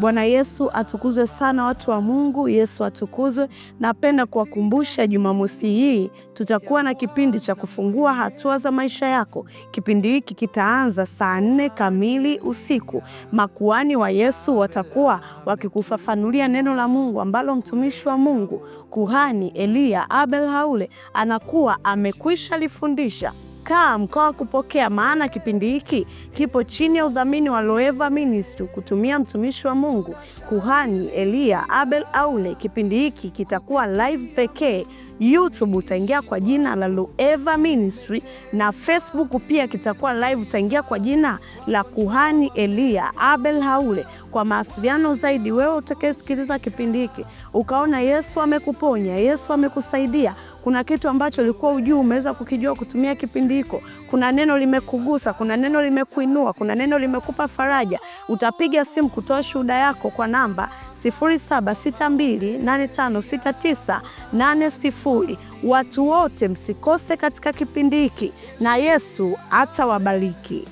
Bwana Yesu atukuzwe sana, watu wa Mungu. Yesu atukuzwe. Napenda kuwakumbusha Jumamosi hii tutakuwa na kipindi cha kufungua hatua za maisha yako. Kipindi hiki kitaanza saa nne kamili usiku. Makuani wa Yesu watakuwa wakikufafanulia neno la Mungu ambalo mtumishi wa Mungu kuhani Eliya Abel Haule anakuwa amekwisha lifundisha kaa mkoa wa kupokea, maana kipindi hiki kipo chini ya udhamini wa Loeva Ministry kutumia mtumishi wa Mungu kuhani Elia Abel Aule. Kipindi hiki kitakuwa live pekee. YouTube utaingia kwa jina la Loeva Ministry na Facebook pia kitakuwa live, utaingia kwa jina la kuhani eliya Abel Haule. Kwa mawasiliano zaidi, wewe utakayesikiliza kipindi hiki ukaona Yesu amekuponya, Yesu amekusaidia kuna kitu ambacho ulikuwa ujui, umeweza kukijua kutumia kipindi hiko. Kuna neno limekugusa, kuna neno limekuinua, kuna neno limekupa faraja. Utapiga simu kutoa shuhuda yako kwa namba 0762856980. Watu wote msikose katika kipindi hiki, na Yesu atawabariki.